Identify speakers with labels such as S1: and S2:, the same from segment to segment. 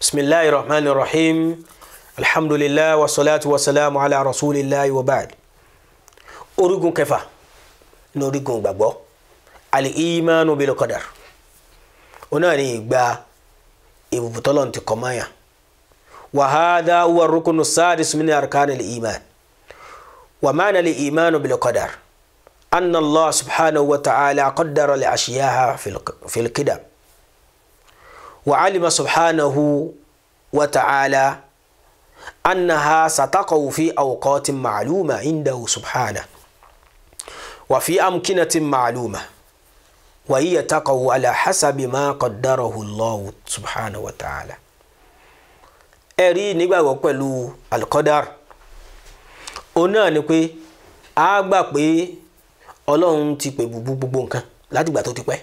S1: بسم الله الرحمن الرحيم الحمد لله والصلاة والسلام على رسول الله وبعد أرجو كفا نرجو بابو الإيمان بالقدر ونالي إقبا إبوتولون تقمايا وهذا هو الركن السادس من أركان الإيمان ومعنى الإيمان بالقدر أن الله سبحانه وتعالى قدر لأشياء في القدم wa alima subhanahu wa ta'ala annaha sataqaw fi awqatin ma'luma indahu subhana wa fi amkinatin ma'luma wa hiya taqaw ala hasabi ma qaddarahu Allah subhanahu wa ta'ala ẹ̀rí nígbàgbọ́ pẹ̀lú alqadar òun náà ni pé a gbà pé Ọlọ́run ti pè gbogbo nǹkan látìgbà tó ti pẹ́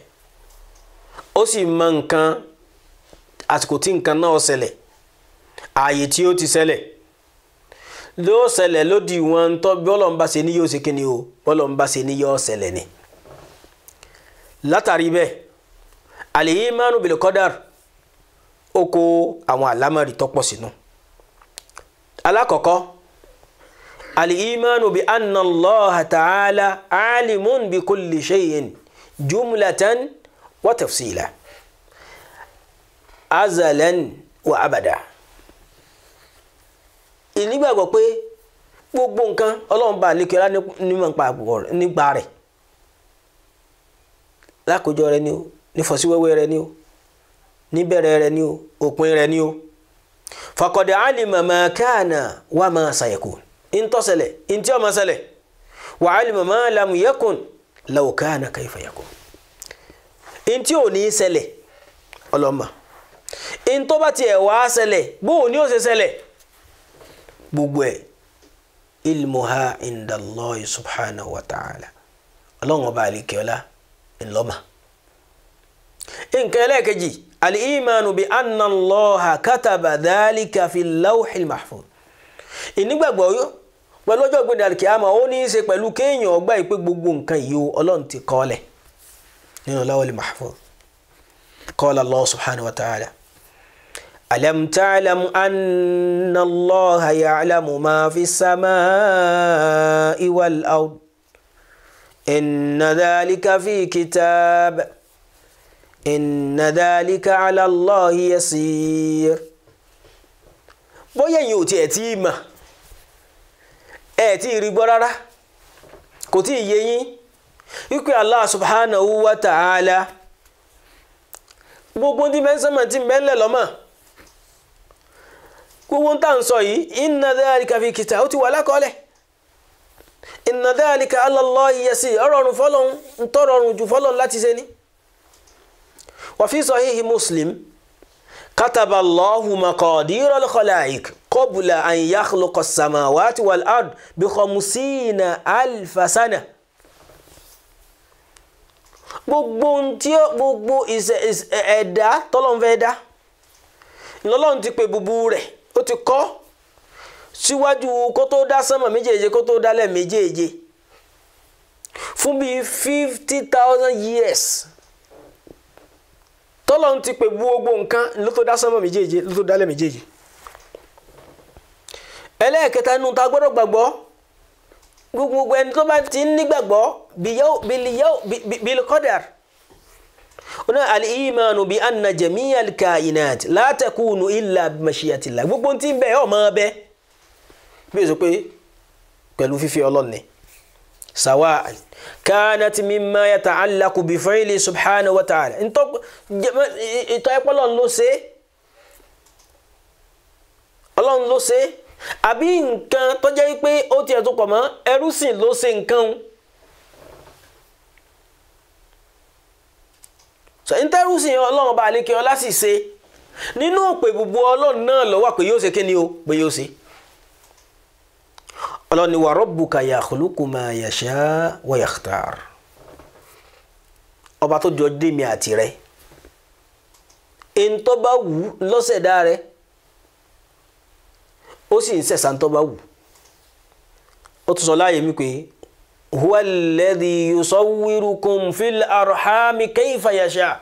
S1: ó sì mọ nǹkan àsìkò tí nǹkan náà ṣẹlẹ̀ ààyè tí ó ti ṣẹlẹ̀ yóò ṣẹlẹ̀ lódì wọn tọ́ bọ́lọ̀ ń bá ṣe ní yóò ṣe kíni o bọ́lọ̀ ń bá ṣe ní yóò ṣẹlẹ̀ ni. látàrí bẹ́ẹ̀ al-imanu bil qadar ó kó àwọn àlámọ̀rí tó sínú. alákọ̀ọ́kọ́ al bi anna ta'ala alimun bi kulli shay'in jumlatan wa tafsila azalan wa abada ìnígbàgbọ́ pé gbogbo nǹkan ọlọ́run bá àlékè ọlá nímọ̀ nípa rẹ̀ lákòjọ rẹ ni o nífọ̀síwẹ́wẹ́ rẹ ni o níbẹ̀rẹ̀ rẹ ni o òpin rẹ ni o fakọ̀dẹ̀ alima ma kana wa ma sayakun ntọ́sẹ̀lẹ̀ ntí ọmọ ṣẹlẹ̀ wa alima ma lam yakun law kana ntí ò ní ṣẹlẹ̀ ọlọ́mọ in tó bá tiẹ̀ wá ṣẹlẹ̀ bóò ni ó ṣe ṣẹlẹ̀ gbogbo ẹ̀ ilmuha indallahi subhanahu wa ta'ala ọlọ́run ọba àlìkẹ́ọ́lá ńlọ́mà nǹkan ẹlẹ́ẹ̀kejì alìmánu bi anna Allaha kataba dhalika fi lawhil mahfuz ìnígbàgbọ́ pẹ̀lú ọjọ́ ìgbéde alikiyama ó ní í ṣe pẹ̀lú kéèyàn ọgbà ìpè gbogbo nǹkan yìí o ọlọ́run ti kọ́ lẹ̀ nínú lawhil mahfuz qala Allah subhanahu wa ta'ala ألم تعلم أن الله يعلم ما في السماء والأرض إن ذلك في كتاب إن ذلك على الله يسير bóyá ẹ̀yin ò tiẹ̀ tí ì mà ẹ̀ tí ì rí gbọ́ rárá kò tí ì yé yín wípé Allah subhanahu wa ta'ala gbogbo ní mẹ́sàn-án tí mẹ́lẹ̀ lọ́mọ́ gbogbo ń tà ń sọ yìí inna dhalika fi kitab ó ti wà lákọọ́lẹ̀ inna dhalika ala Allahi yasir ọ̀rọ̀rùn fọlọ́run ń tọrọrùn ju fọlọ́run láti ṣe ni. wa fi sahihi Muslim kataba Allahu maqadira al-khalaiq qabla an yakhluqa as-samawati wal-ard bi gbogbo ntí gbogbo ẹ̀dá tọ́lọ́nfẹ́ dá lọ́lọ́run ti pè gbogbo rẹ̀ ó ti kọ́ síwájú kó tó dá sánmà méjèèje kó tó dálẹ̀ méjèèje fún bíi fifty thousand years tọ́lọ́run ti pè gbogbo nǹkan ló tó dá sánmà méjèèje ló tó dálẹ̀ méjèèje ẹlẹ́ẹ̀kẹta nínú ta gbọ́dọ̀ gbàgbọ́ gbogbo ẹni tó bá ti ń nígbàgbọ́ bìlì kọ́dàrì ona al-imanu bi anna jamiya al-kainat la takunu illa bi mashiyatillah gbogbo tí ń bẹ ọ máa bẹ bí o sọ pé pẹ̀lú fífi Ọlọ́run ni sawa kanat mimma yata'allaqu bi fi'li subhanahu wa ta'ala ntọ́ ìtọ́ ẹ̀pọ̀ lọ́n ló ṣe Ọlọ́run ló ṣe àbí nǹkan tó jẹ́ pé ó tiẹ̀ tó pọ̀ mọ́ ẹrú sìn ló ṣe o. so ntẹ́rù sì yan ọlọ́run bá alékè ọlá sì ṣe nínú òpè gbogbo ọlọ́run náà lọ́wọ́ pé yóò ṣe kí ni o pé yóò ṣe ọlọ́run ni wa rabbuka yakhluqu ma yasha wa yakhtar ọba tó jọ dé mi àti rẹ èntọ́ bá wù lọ́sẹ̀dá rẹ ó sì ń sẹ̀sà ń tọ́ bá wù ó tún sọ láàyè mi pé huwa alladhi yusawwirukum fil arhami kayfa yasha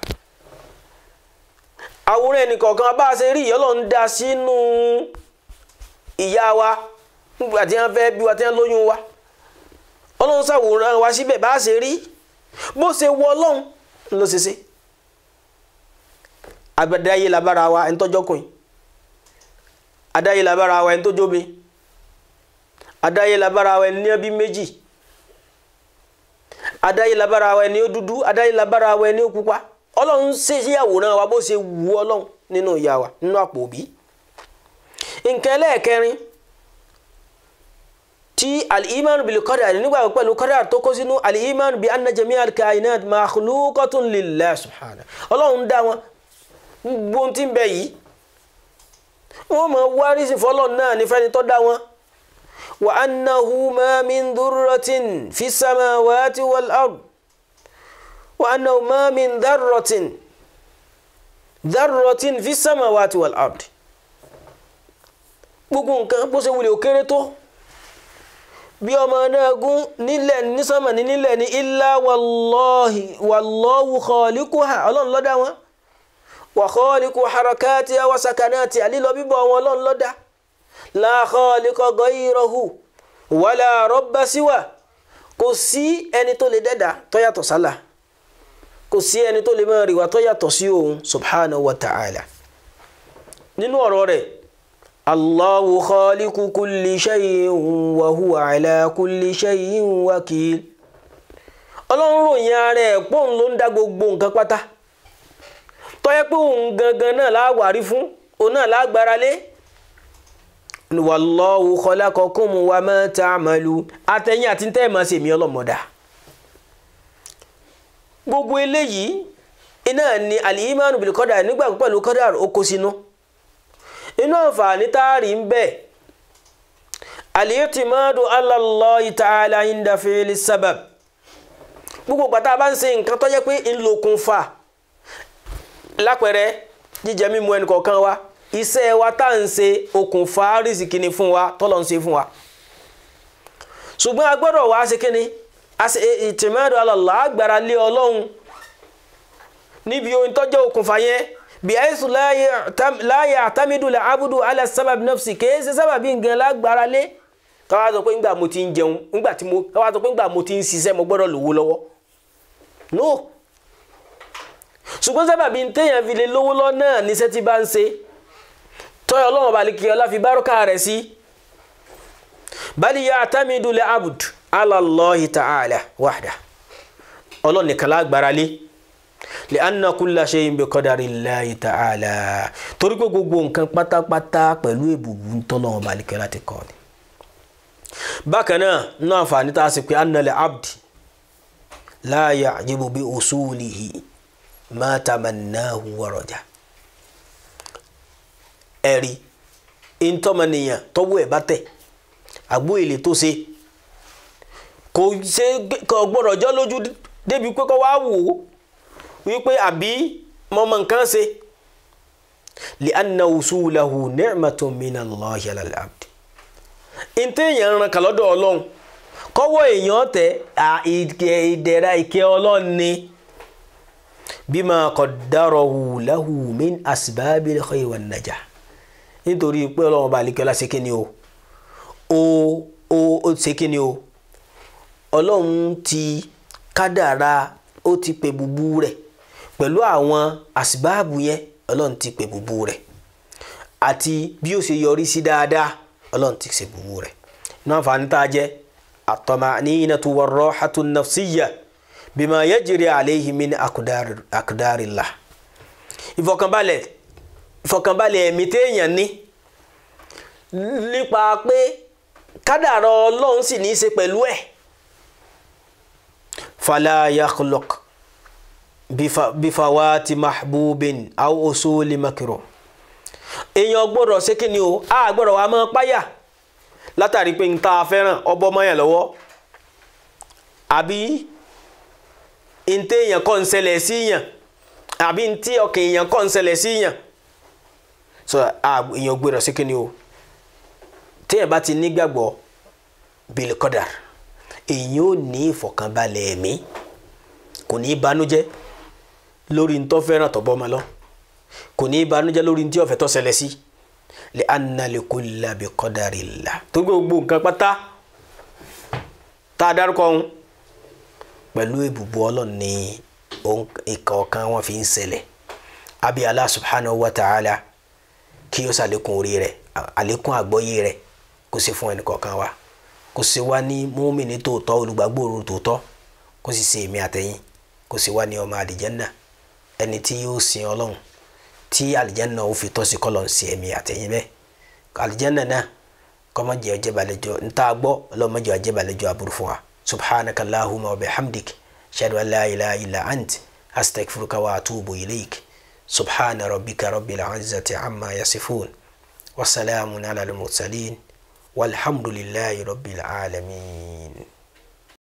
S1: àwòrán ẹnìkọ̀ọ̀kan bá a ṣe rí yìí Ọlọ́run dá sínú ìyá wa nígbà tí wọ́n fẹ́ bí wa tí wọ́n lóyún wa Ọlọ́run ṣàwòrán wa síbẹ̀ bá a ṣe rí bó ṣe wọ Ọlọ́run ló ṣe ṣe adáyé labára wa ẹni tọ́jọ́ kùn adáyé labára wa ẹni tọ́jọ́ mi adáyé labára wa ẹni ní ẹbí méjì adáyé labára wa ẹni ó dúdú adáyé labára wa ẹni ó pupa ọlọ́run ṣe sí àwòrán wa bó ṣe wù ọlọ́run nínú ìyá wa nínú àpò òbí. nǹkan ẹlẹ́ẹ̀kẹrin ti al-iman bil qadar nígbà pẹ̀lú qadar tó kó sínú al bi anna jami' al-kainat makhluqatun lillah dá wọn gbóhùn bẹ yìí wọ́n mọ̀ wárí sí fọlọ́run náà nífẹ̀ẹ́ni tó dá wọn. وأنه ما من ذرة في السماوات والأرض وأنه ما من ذرة ذرة في السماوات والأرض gbogbo nǹkan bó ṣe wulẹ̀ ó kéré tó bí ọmọ náà gún nílẹ̀ nísàmà ní nílẹ̀ ní illa wallahi wallahu khaliquha ọlọ́run ló wọn wa khaliqu harakatiha wa sakanatiha lílọ bíbọ̀ wọn ọlọ́run ló la khaliqa ghayrahu wala rabba siwa kò sí ẹni tó lè dẹ́dà tó yàtọ̀ sálà kò sí ẹni tó lè máa rìwà tó yàtọ̀ sí òun subhanahu wa ta'ala nínú ọ̀rọ̀ rẹ̀ allahu khaliqu kulli shay'in wa huwa ala kulli shay'in wakil ọlọ́run ròyìn ara ẹ̀ pọ́n ló ń dá gbogbo nǹkan pátá tó pé òun gangan náà láwàárí fún òun náà lágbára lé wàlọ́wù kọlákọ̀ọ́kùn wa máa ta àmàlù atẹ́yìn àti tẹ́ ẹ̀ máa ṣèmí ọlọ́mọdà gbogbo eléyìí iná ni alìyímánu bìlì kọ́dà nígbà pẹ̀lú kọ́dà ó kó sínú inú àǹfààní táàrí ń bẹ alìyítimadu Allahi ta'ala inda fili sábàb gbogbo pàtà bá ń ṣe nǹkan tó jẹ́ pé ńlọkùnfà lápẹ̀rẹ̀ jíjẹ mímu ẹnì wa. iṣẹ́ wa tá à ń ṣe okùnfà rìsìkì ni fún wa tọ́lọ̀ ń ṣe fún wa ṣùgbọ́n a gbọ́dọ̀ wá ṣe kíni ìtìmọ́dọ̀ alọ́lá agbára lé ọlọ́run níbi ohun tọ́jọ́ okùnfà yẹn bí àìsùn àtàmídùlẹ̀ abudu alẹ́ sábàbí nọ́ọ̀sì kìí ṣe sábàbí nǹkan lágbára lé káwá sọ pé ńgbà mo ti ń jẹun ńgbà tí mo káwá sọ pé ńgbà mo ti ń ṣiṣẹ́ mo gbọ́dọ̀ lówó lọ́wọ́ no ṣùgbọ́n sábàbí téèyàn fi lówó lọ́ náà níṣẹ́ tí bá ń ṣe tọ́yọ̀ ọlọ́run ọba àlekè ọlá fi bárúkà rẹ̀ sí bali ya'tamidu li abd ala Allahi ta'ala wahda ọlọ́run nìkan lágbára lé li anna kulla shay'in bi qadarillahi ta'ala torí pé gbogbo nǹkan pátápátá pẹ̀lú èbùbù tọ́lọ́run ọba àlekè ọlá ti kọ́ ni bákan náà náà àǹfààní tá a sì pé anna li abd la ya'jibu bi usulihi ma tamannahu wa raja ẹ̀rí ntọ́mọnìyàn tọ́wọ́ ẹ̀ bá tẹ̀ àgbo èlé tó ṣe kò ṣe kò gbọ́dọ̀ jọ́ lójú débi pé kó wá wò ó wípé àbí mọ́mọ́ nǹkan ṣe li anna wusulahu ni'matun min Allahi ala al-abd ntẹ̀yàn ran kàlọ́dọ̀ ọlọ́run kọ́wọ́ èèyàn tẹ̀ ìdẹ̀ra ìkẹ́ ọlọ́run ni bima qaddarahu lahu min asbabil khayri wan najah nítorí pé ọlọ́run ọba àlekẹ́lá ṣe kí ni o o o ó ṣe kí ni o ọlọ́run ti kádàrá ó ti pè bùbú rẹ̀ pẹ̀lú àwọn àsìbáàbù yẹn ọlọ́run ti pè bùbú rẹ̀ àti bí ó ṣe yọrí sí dáadáa ọlọ́run ti ṣe bùbú rẹ̀ náà fani tá a jẹ́ at-tama'ninatu war-rahatu an-nafsiyya bima yajri alayhi min aqdari Allah ìfọkànbalẹ̀ ìfọ̀kànbalẹ̀ ẹ̀mí téèyàn ní nípa pé kádàrá ọlọ́run sì ní í ṣe pẹ̀lú ẹ̀ fala yakhluq bifawati mahbubin aw usuli makro èèyàn gbọ́dọ̀ ṣe kí ni o a gbọ́dọ̀ wá mọ́ páyà látàrí pé n ta fẹ́ràn ọbọ̀ mọ́ yẹn lọ́wọ́ àbí n téèyàn kọ́ ń ṣẹlẹ̀ sí yàn àbí n ọkàn èèyàn kọ́ ń ṣẹlẹ̀ sí yàn so èèyàn gbéra sí kíni o ẹ bá ti nígbàgbọ́ bilikọ́dà èyí ò ní ìfọ̀kànbalẹ̀ ẹ̀mí kò ní í lórí ntọ́ fẹ́ràn tọ́ lọ kò ní í lórí ntí lè la tó gbogbo nǹkan pátá tá a dárúkọ pẹ̀lú ìbùbù ìkọ̀ọ̀kan abi subhanahu wa ta'ala. kí ó ṣàlékún orí rẹ̀ àlékún àgbọ́yé rẹ̀ kó ṣe fún ẹnìkọ̀ọ̀kan wa kó ṣe wá ní mùmínì tòótọ́ olùgbàgbòòrò tòótọ́ kó sì ṣe èmi àtẹ̀yìn kó ṣe wá ní ọmọ àlìjẹ́nà ẹni tí yóò sin ọlọ́run tí àlìjẹ́nà ó fi tọ́sí kọ́ lọ ń ṣe èmi àtẹ̀yìn bẹ́ẹ̀ àlìjẹ́nà náà kọ́mọ́jẹ́ ọjẹ́balẹ́jọ ntá gbọ́ ọlọ́mọjẹ́ ọjẹ́balẹ́jọ aburú fún wa subhanakallahumma wa bihamdik shadu an la illa ant astaghfiruka wa atubu ilayk سبحان ربك رب العزة عما يصفون وسلام على المرسلين والحمد لله رب العالمين